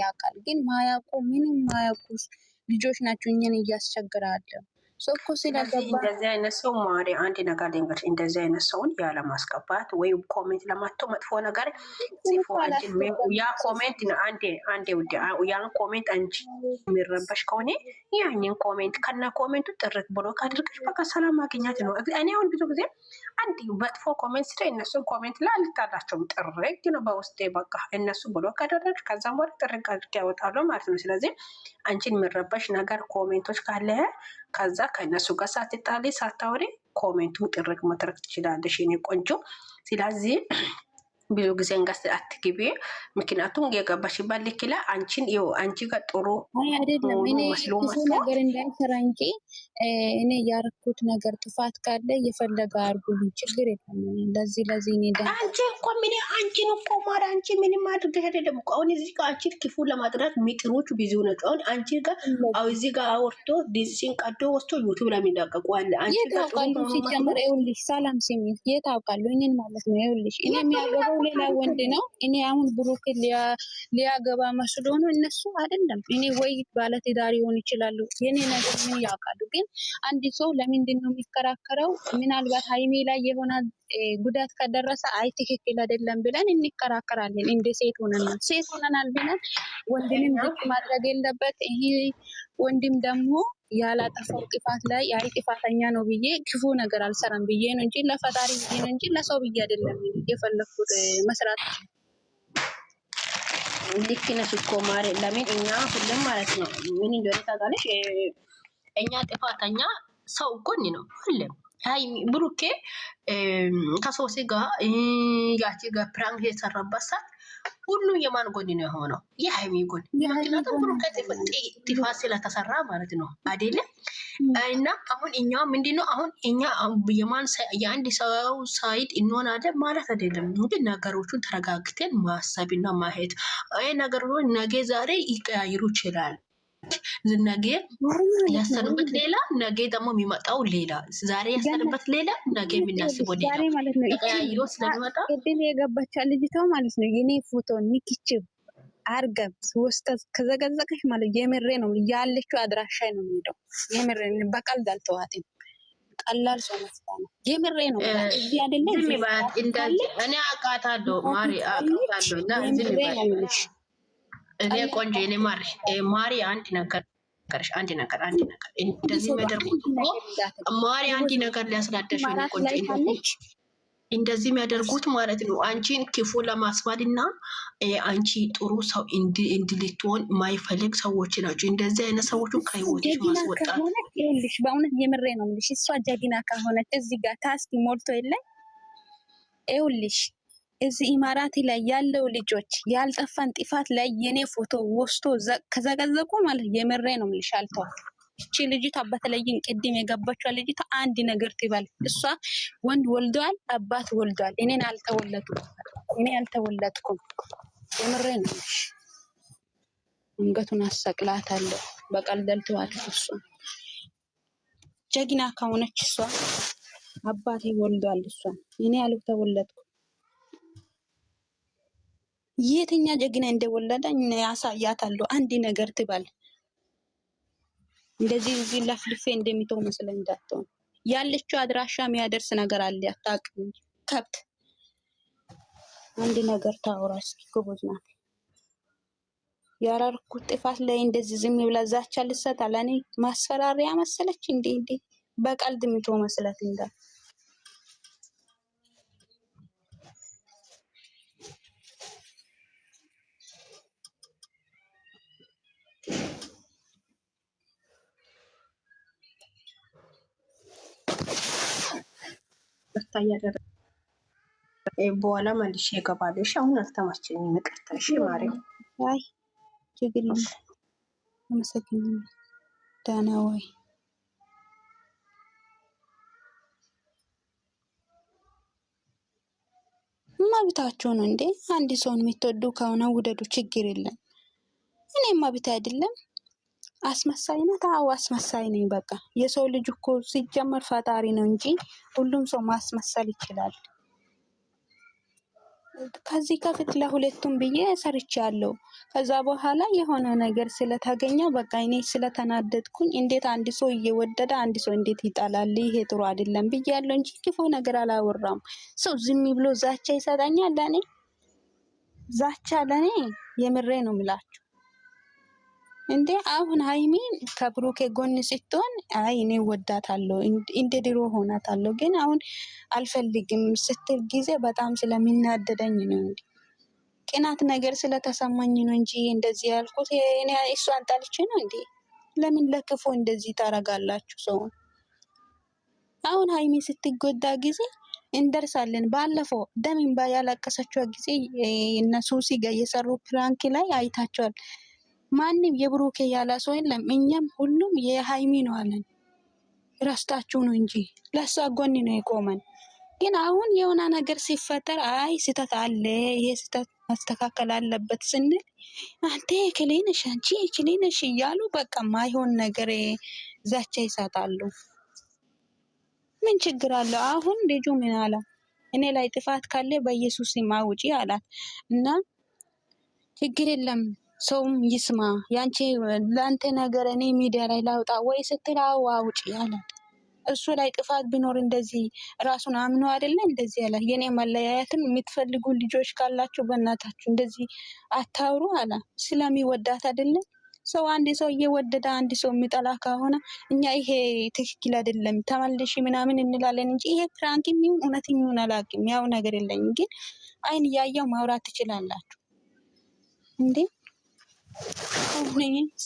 ያውቃል። ግን ማያውቁ ምንም ማያውቁ ልጆች ናቸው እኛን እያስቸግራለ ሶኮ እንደዚህ አይነት ሰው ማሪ አንድ ነገር ልንገርሽ፣ እንደዚህ አይነት ሰውን ያለማስገባት ወይም ኮሜንት ለማቶ መጥፎ ነገር ያ ኮሜንት አንዴ አንዴ ውድ ያን ኮሜንት አንቺ የሚረበሽ ከሆነ ያንን ኮሜንት ከና ኮሜንቱ ጥርት ብሎ ካድርገሽ በቃ ሰላም ማግኘት ነው። እኔ አሁን ብዙ ጊዜ አንድ መጥፎ ኮሜንት ስለ እነሱን ኮሜንት ላይ አልታላቸውም። ጥርግ ነው በውስጤ በቃ እነሱ ብሎ ካደረግሽ ከዛም በኋላ ጥርግ አድርግ ያወጣሉ ማለት ነው። ስለዚህ አንቺን የሚረበሽ ነገር ኮሜንቶች ካለ ከዛ ከእነሱ ጋር ሳትጣሌ ሳታወሪ ኮሜንቱ ጥርቅ መትረክ ትችላለሽ የኔ ቆንጆ። ስለዚህ ብዙ ጊዜ እንጋስ አትግቢ። ምክንያቱም የገባሽባት ልክ ላይ አንቺን ይኸው አንቺ ጋር ጥሩ ነገር እንዳይሰራ እንጂ እኔ ያርኩት ነገር ጥፋት ካለ የፈለገ አርጉ፣ ችግር የለም። ለዚህ ለዚህ እኔ አንቺ እኮ ምን አንቺን እኮ ማር አንቺ ምንም አድርገሽ አይደለም እኮ አሁን እዚህ ጋር አንቺን ክፉ ለማጥራት ሚጥሮች ብዙ ናቸው። አሁን አንቺ ጋር አሁ እዚህ ጋር አወርቶ ዲዚሲን ቀዶ ወስቶ ዩቱብ ለሚለቀቁ አለ አንቺ ጋር ጥሩ ሲጀምር ይኸውልሽ፣ ሰላም ሲሚ የታውቃሉ አውቃለሁ እኔን ማለት ነው። ይኸውልሽ እኔ የሚያገባው ሰው ሌላ ወንድ ነው። እኔ አሁን ብሩክ ሊያገባ መስሎ ነው እነሱ አይደለም። እኔ ወይ ባለትዳር ይሆን ይችላሉ። የኔ ነገር ምን ያውቃሉ? ግን አንድ ሰው ለምንድን ነው የሚከራከረው? ምናልባት ሀይሜ ላይ የሆነ ጉዳት ከደረሰ አይ ትክክል አይደለም ብለን እንከራከራለን። እንደ ሴት ሆነናል፣ ሴት ሆነናል ብለን ወንድንም ዝቅ ማድረግ የለበት ይሄ ወንድም ደግሞ ያላጠፋው ጥፋት ላይ ያይ ጥፋተኛ ነው ብዬ ክፉ ነገር አልሰራም ብዬ ነው እንጂ ለፈጣሪ ብዬ ነው እንጂ ለሰው ብዬ አይደለም የፈለግኩት መስራት። ልክ ነሽ እኮ ማሪ። ለምን እኛ ሁሉም ማለት ነው ምን እንደሆነ ታውቃለሽ፣ እኛ ጥፋተኛ ሰው ጎን ነው ሁሉም። አይ ብሩኬ ከሶሲ ጋር ያቺ ጋር ፕራንክ የሰራባት ሰዓት ሁሉም የማን ጎን ነው የሆነው? የሀይሚ ጎን። ምክንያቱም ብሩኬት ጥፋት ስለተሰራ ማለት ነው አይደለ? እና አሁን እኛ ምንድን ነው አሁን እኛ የማን የአንድ ሰው ሳይድ እንሆናለን ማለት አይደለም። ግን ነገሮቹን ተረጋግተን ማሰብና ማየት ነገሮች ነገ ዛሬ ይቀያይሩ ይችላል። ነገ ያሰሩበት ሌላ፣ ነገ ደግሞ የሚመጣው ሌላ። ዛሬ ያሰሩበት ሌላ፣ ነገ የሚናስበው ሌላ ተቀያይሮ ስለሚመጣ ቅድም የገባች ልጅቷ ማለት ነው የኔ ፎቶ ንክችብ አርገብ ውስጥ ከዘገዘቀሽ ማለት የምሬ ነው ያለችው አድራሻ ነው የሚሄደው። የምሬ በቀልድ ዳልተዋት ቀላል ሰው መስላ የምሬ ነው። እዚህ አይደለም እኔ አቃታለሁ ማሪ አቃታለሁ እና ዝም ይባል እኔ ቆንጆ የኔ ማር ማሪ አንድ ነገር ነገርሽ አንድ ነገር አንድ ነገር እንደዚህ የሚያደርጉት ማሪ አንድ ነገር ሊያስላደርሽ ቆንጆ እንደዚህ የሚያደርጉት ማለት ነው። አንቺን ክፉ ለማስባል እና አንቺ ጥሩ ሰው እንድልትሆን ማይፈልግ ሰዎች ናቸው። እንደዚህ አይነት ሰዎችን ከህይወትሽ ማስወጣት በእውነት የምሬ ነው ልሽ እሷ ጀግና ከሆነች እዚህ ጋር ታስክ ሞልቶ የለን ይውልሽ እዚህ ኢማራት ላይ ያለው ልጆች ያልጠፋን ጥፋት ላይ የኔ ፎቶ ወስቶ ከዘቀዘቁ ማለት የምሬ ነው የምልሽ። አልተዋል እቺ ልጅቷ በተለይን ቅድም የገባችዋ ልጅቷ አንድ ነገር ትበል። እሷ ወንድ ወልደዋል፣ አባት ወልደዋል። እኔን አልተወለድኩም፣ እኔ አልተወለድኩም። የምሬ ነው የምልሽ። አንገቱን አሰቅላት አለው በቀልደልተዋት እሱ ጀግና ከሆነች እሷ አባቴ ወልደዋል፣ እሷ እኔ አልተወለድኩም የትኛ ጀግና እንደወለደ ያሳያታለሁ። አንድ ነገር ትበል እንደዚህ እዚህ ለፍልፌ እንደሚተው መስለ እንዳትሆን ያለችው አድራሻ የሚያደርስ ነገር አለ። አታውቅም ከብት አንድ ነገር ታውራ እስኪ ጎበዝ ናት። ያራርኩት ጥፋት ላይ እንደዚህ ዝም ብላ ዛቻ ልሰጥ አላኔ ማስፈራሪያ መሰለች እንዴ እንዴ በቀልድ የሚተው መስለት እንዳት ይቅርታ እያደረገ በኋላ መልሼ እገባለሁ። እሺ፣ አሁን አልተመቸኝም። ይቅርታ። እሺ ማርያም። አይ ችግር የለም። አመሰግናለሁ። ደህና ወይ መብታችሁ ነው እንዴ? አንድ ሰውን የምትወዱ ከሆነ ውደዱ፣ ችግር የለም። እኔ መብት አይደለም አስመሳይነት? አዎ አስመሳይ ነኝ። በቃ የሰው ልጅ እኮ ሲጀመር ፈጣሪ ነው እንጂ ሁሉም ሰው ማስመሰል ይችላል። ከዚህ ከፊት ለሁለቱም ብዬ ሰርች ያለው ከዛ በኋላ የሆነ ነገር ስለተገኘ በቃ እኔ ስለተናደድኩኝ እንዴት አንድ ሰው እየወደደ አንድ ሰው እንዴት ይጠላል? ይሄ ጥሩ አይደለም ያለው እንጂ ክፉ ነገር አላወራም። ሰው ዝም ብሎ ዛቻ ይሰጠኛል። ለእኔ ዛቻ ለእኔ የምሬ ነው ምላችሁ እንዴ አሁን ሀይሚን ከብሩኬ ጎን ስትሆን አይ እኔ ወዳታለሁ እንደ ድሮ ሆናታለሁ፣ ግን አሁን አልፈልግም ስትል ጊዜ በጣም ስለሚናደደኝ ነው። እንዲ ቅናት ነገር ስለተሰማኝ ነው እንጂ እንደዚህ ያልኩት እኔ እሷን ጠልቼ ነው እንዴ? ለምን ለክፎ እንደዚህ ታረጋላችሁ ሰውን? አሁን ሀይሚ ስትጎዳ ጊዜ እንደርሳለን። ባለፈው ደም እንባ ያለቀሰችው ጊዜ እነ ሱሲ ጋር የሰሩ ፕራንክ ላይ አይታቸዋል። ማንም የብሩኬ ያላ ሰው የለም። እኛም ሁሉም የሃይሚ ነው አለን። ረስታችሁ ነው እንጂ ለእሷ ጎን ነው የቆመን። ግን አሁን የሆነ ነገር ሲፈጠር አይ ስህተት አለ፣ ይሄ ስህተት መስተካከል አለበት ስንል አንተ ክሊንሽ፣ አንቺ ክሊንሽ እያሉ በቃ ማይሆን ነገር ዛቻ ይሰጣሉ። ምን ችግር አለው? አሁን ልጁ ምን አለ? እኔ ላይ ጥፋት ካለ በኢየሱስ ስም አውጪ አላት እና ችግር የለም ሰውም ይስማ ያንቺ ለአንተ ነገር እኔ ሚዲያ ላይ ላውጣ ወይ ስትል አዎ አውጪ አላት። እሱ ላይ ጥፋት ቢኖር እንደዚህ ራሱን አምኖ አይደለ እንደዚህ አለ። የኔ መለያየትን የምትፈልጉ ልጆች ካላችሁ በእናታችሁ እንደዚህ አታውሩ አለ። ስለሚወዳት አይደለም። ሰው አንድ ሰው እየወደደ አንድ ሰው የሚጠላ ከሆነ እኛ ይሄ ትክክል አይደለም ተመልሽ ምናምን እንላለን እንጂ ይሄ ፕራንክ የሚሆን እውነት የሚሆን አላውቅም። ያው ነገር የለኝም ግን አይን እያየው ማውራት ትችላላችሁ እንዴ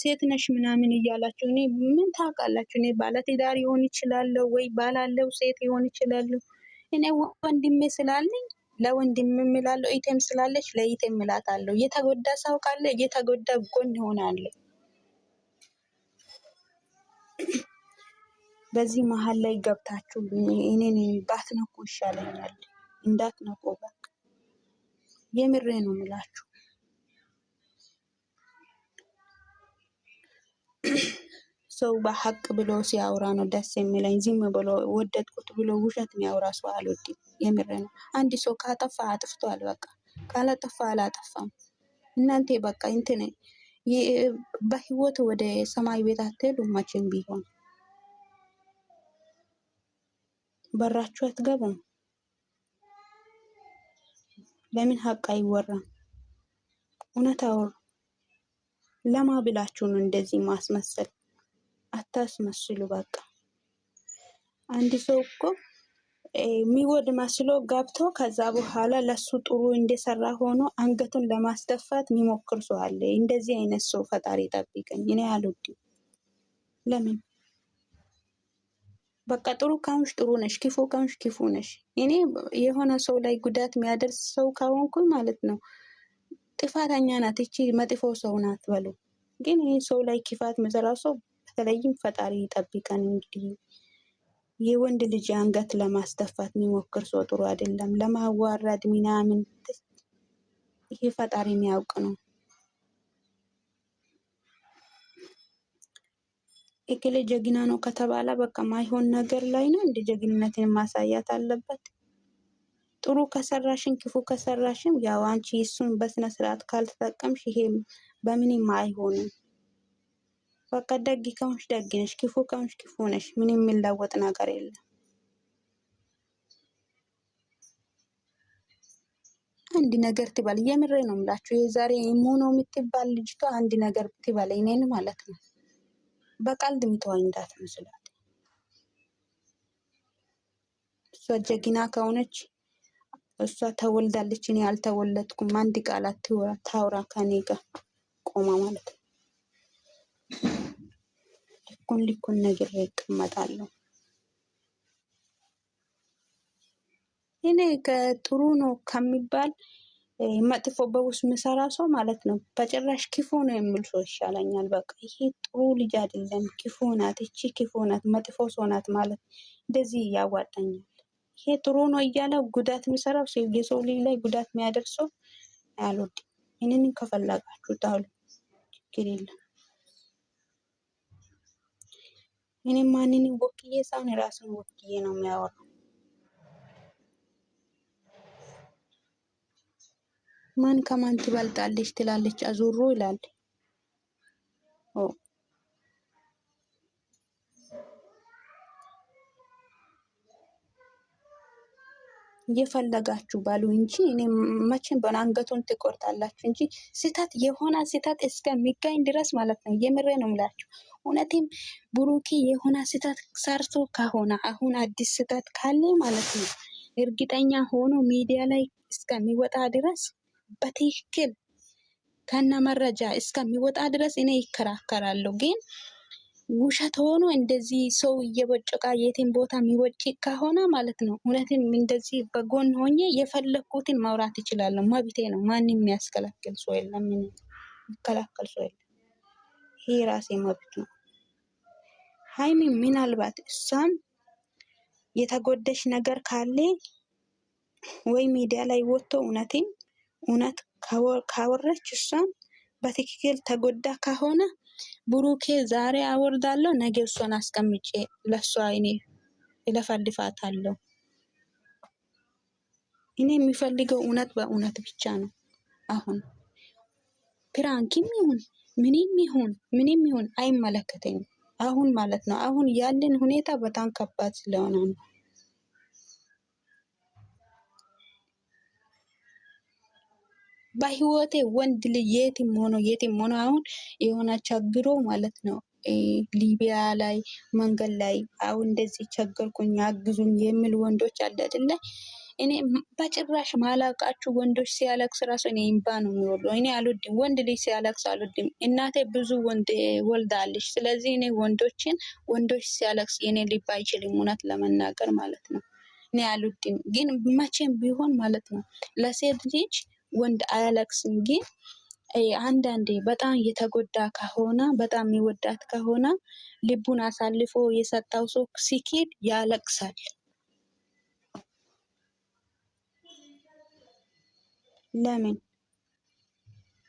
ሴት ነሽ ምናምን እያላችሁ እኔ ምን ታውቃላችሁ? እኔ ባለትዳር ይሆን ይችላለሁ ወይ ባላለው ሴት ይሆን ይችላለሁ። እኔ ወንድሜ ስላለኝ ለወንድም እምላለሁ፣ ኢቴም ስላለች ለኢቴም እላታለሁ። የተጎዳ ሰው ካለ የተጎዳ ጎን ይሆናለሁ። በዚህ መሀል ላይ ገብታችሁ እኔን ባትነኩ ይሻለኛል። እንዳትነኩ በቃ የምሬ ነው ምላችሁ። ሰው በሀቅ ብሎ ሲያወራ ነው ደስ የሚለኝ። ዝም ብሎ ወደድኩት ብሎ ውሸት የሚያወራ ሰው አልወድም። የምር ነው። አንድ ሰው ካጠፋ አጥፍቷል፣ በቃ ካላጠፋ አላጠፋም። እናንተ በቃ እንትን በህይወት ወደ ሰማይ ቤት አትሄዱም መቼም ቢሆን በራችሁ አትገቡም። ለምን ሀቅ አይወራም? እውነት አውሩ። ለማ ብላችሁ ነው እንደዚህ ማስመሰል አታስመስሉ። በቃ አንድ ሰው እኮ የሚወድ መስሎ ገብቶ ከዛ በኋላ ለሱ ጥሩ እንደሰራ ሆኖ አንገቱን ለማስደፋት የሚሞክር ሰው አለ። እንደዚህ አይነት ሰው ፈጣሪ ጠብቀኝ። እኔ አልወድም። ለምን በቃ ጥሩ ከሆንሽ ጥሩ ነሽ፣ ክፉ ከሆንሽ ክፉ ነሽ። እኔ የሆነ ሰው ላይ ጉዳት የሚያደርስ ሰው ከሆንኩኝ ማለት ነው ጥፋተኛ ናት፣ ይቺ መጥፎ ሰው ናት በሉ። ግን ይህ ሰው ላይ ክፋት መሰራ ሰው በተለይም ፈጣሪ ይጠብቀን። እንግዲህ የወንድ ልጅ አንገት ለማስደፋት የሚሞክር ሰው ጥሩ አይደለም። ለማዋረድ ምናምን ይሄ ፈጣሪ የሚያውቅ ነው። እክሌ ጀግና ነው ከተባለ በቃ ማይሆን ነገር ላይ ነው እንደ ጀግንነትን ማሳያት አለበት። ጥሩ ከሰራሽን ክፉ ከሰራሽም ያው አንቺ እሱን በስነ ስርዓት ካልተጠቀምሽ ይሄ በምንም አይሆንም። በቃ ደግ ከሆንሽ ደግ ነሽ፣ ክፉ ከሆንሽ ክፉ ነሽ። ምን የሚለወጥ ነገር የለም። አንድ ነገር ትበል፣ የምሬ ነው የምላችሁ። የዛሬ ሞኖ የምትባል ልጅቷ አንድ ነገር ትበል፣ እኔን ማለት ነው። በቀልድ ምትዋኝ እንዳትመስላት። እሷ ጀግና ከሆነች እሷ ተወልዳለች፣ እኔ አልተወለድኩም። አንድ ቃላት ታውራ ከኔ ጋር ቆማ ማለት ነው። ልኩን ልኩን ነግሬ እቀመጣለሁ። እኔ ከጥሩ ነው ከሚባል መጥፎ በውስጥ ምሰራ ሰው ማለት ነው። በጭራሽ ክፉ ነው የሚል ሰው ይሻለኛል። በቃ ይሄ ጥሩ ልጅ አይደለም፣ ክፉ ናት፣ እቺ ክፉ ናት፣ መጥፎ ሰው ናት ማለት እንደዚህ ያዋጣኛል። ይሄ ጥሩ ነው እያለ ጉዳት የሚሰራው የሰው ልጅ ላይ ጉዳት የሚያደርሰው አልወድም። ይህንን ከፈለጋችሁ ታሉ ችግር የለም። እኔም ማንንም ወክዬ ሳይሆን የራሱን ወክዬ ነው የሚያወራው። ማን ከማን ትበልጣለች ትላለች አዙሮ ይላል። የፈለጋችሁ ባሉ እንጂ እኔ መቼም አንገቱን ትቆርጣላችሁ እንጂ ስታት የሆነ ስታት እስከሚገኝ ድረስ ማለት ነው። የምሬ ነው ምላችሁ። እውነቴም ብሩኬ የሆነ ስታት ሰርቶ ከሆነ አሁን አዲስ ስታት ካለ ማለት ነው እርግጠኛ ሆኖ ሚዲያ ላይ እስከሚወጣ ድረስ በትክክል ከነ መረጃ እስከሚወጣ ድረስ እኔ ይከራከራለሁ ግን ውሸት ሆኖ እንደዚህ ሰው እየቦጨቃ የትን ቦታ የሚወጭ ከሆነ ማለት ነው። እውነትም እንደዚህ በጎን ሆኜ የፈለግኩትን ማውራት ይችላለሁ፣ መብቴ ነው። ማንም የሚያስከላክል ሰው የለም፣ የሚከላከል ሰው የለም። ይሄ ራሴ መብት ነው። ሀይሚ ምናልባት እሷም የተጎደሽ ነገር ካለ ወይ ሚዲያ ላይ ወጥቶ እውነትም እውነት ካወረች እሷም በትክክል ተጎዳ ከሆነ ብሩኬ ዛሬ አወርዳለሁ፣ ነገ እሷን አስቀምጬ ለእሷ እኔ እለፈልፋታለሁ። እኔ የሚፈልገው እውነት በእውነት ብቻ ነው። አሁን ፕራንክም ይሁን ምንም ይሁን ምንም ይሁን አይመለከተኝም። አሁን ማለት ነው አሁን ያለን ሁኔታ በጣም ከባድ ስለሆነ ነው። በህይወቴ ወንድ ልጅ የትም ሆኖ የትም ሆኖ አሁን የሆነ ቸግሮ ማለት ነው ሊቢያ ላይ መንገድ ላይ አሁን እንደዚህ ቸገርኩኝ አግዙኝ የሚል ወንዶች አለ አይደለ? እኔ በጭራሽ ማላቃችሁ ወንዶች ሲያለቅስ ራሱ እኔ እምባ ነው የሚወርደው። እኔ አልወድም፣ ወንድ ልጅ ሲያለቅስ አልወድም። እናቴ ብዙ ወንድ ወልዳለች። ስለዚህ እኔ ወንዶችን ወንዶች ሲያለቅስ የኔ ልብ አይችልም፣ እውነት ለመናገር ማለት ነው። እኔ አልወድም፣ ግን መቼም ቢሆን ማለት ነው ለሴት ልጅ ወንድ አያለቅስም። ግን አንዳንዴ በጣም የተጎዳ ከሆነ በጣም የሚወዳት ከሆነ ልቡን አሳልፎ የሰጠው ሰው ሲኬድ ያለቅሳል። ለምን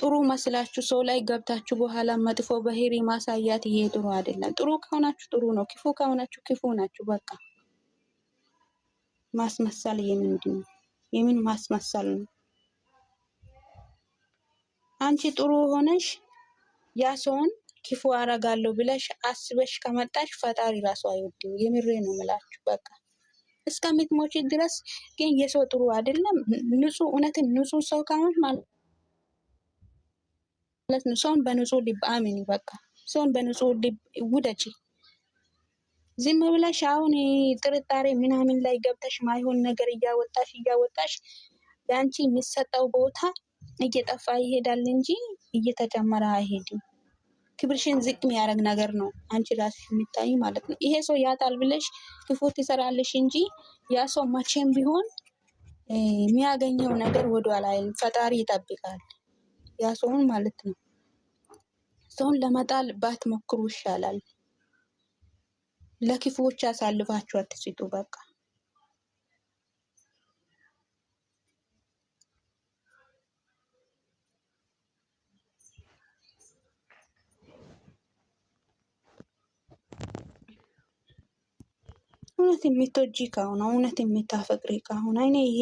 ጥሩ መስላችሁ ሰው ላይ ገብታችሁ በኋላ መጥፎ ባህሪ ማሳያት ይሄ ጥሩ አይደለም። ጥሩ ከሆናችሁ ጥሩ ነው፣ ክፉ ከሆናችሁ ክፉ ናችሁ። በቃ ማስመሰል የምንድን ነው? የምን ማስመሰል ነው? አንቺ ጥሩ ሆነሽ ያ ሰውን ክፉ አረጋለሁ ብለሽ አስበሽ ከመጣሽ ፈጣሪ ራሱ አይወድም። የምሬ ነው ምላችሁ። በቃ እስከምትሞች ድረስ ግን የሰው ጥሩ አይደለም። ንጹህ እውነትን ንጹህ ሰው ከሆንሽ ማለት ነው ሰውን በንጹህ ልብ አሚኒ። በቃ ሰውን በንጹህ ልብ ውደጂ። ዝም ብለሽ አሁን ጥርጣሬ ምናምን ላይ ገብተሽ ማይሆን ነገር እያወጣሽ እያወጣሽ የአንቺ የሚሰጠው ቦታ እየጠፋ ይሄዳል እንጂ እየተጨመረ አይሄድም። ክብርሽን ዝቅ የሚያደርግ ነገር ነው አንቺ ራስሽ የሚታይ ማለት ነው። ይሄ ሰው ያጣል ብለሽ ክፉ ትሰራለሽ እንጂ ያ ሰው መቼም ቢሆን የሚያገኘው ነገር ወደኋላ አይልም። ፈጣሪ ይጠብቃል ያ ሰውን ማለት ነው። ሰውን ለመጣል ባትሞክሩ ይሻላል። ለክፉዎች አሳልፋችሁ አትስጡ በቃ። እውነት የምትወጂ ከሆነ እውነት የምታፈቅሪ ከሆነ ይሄ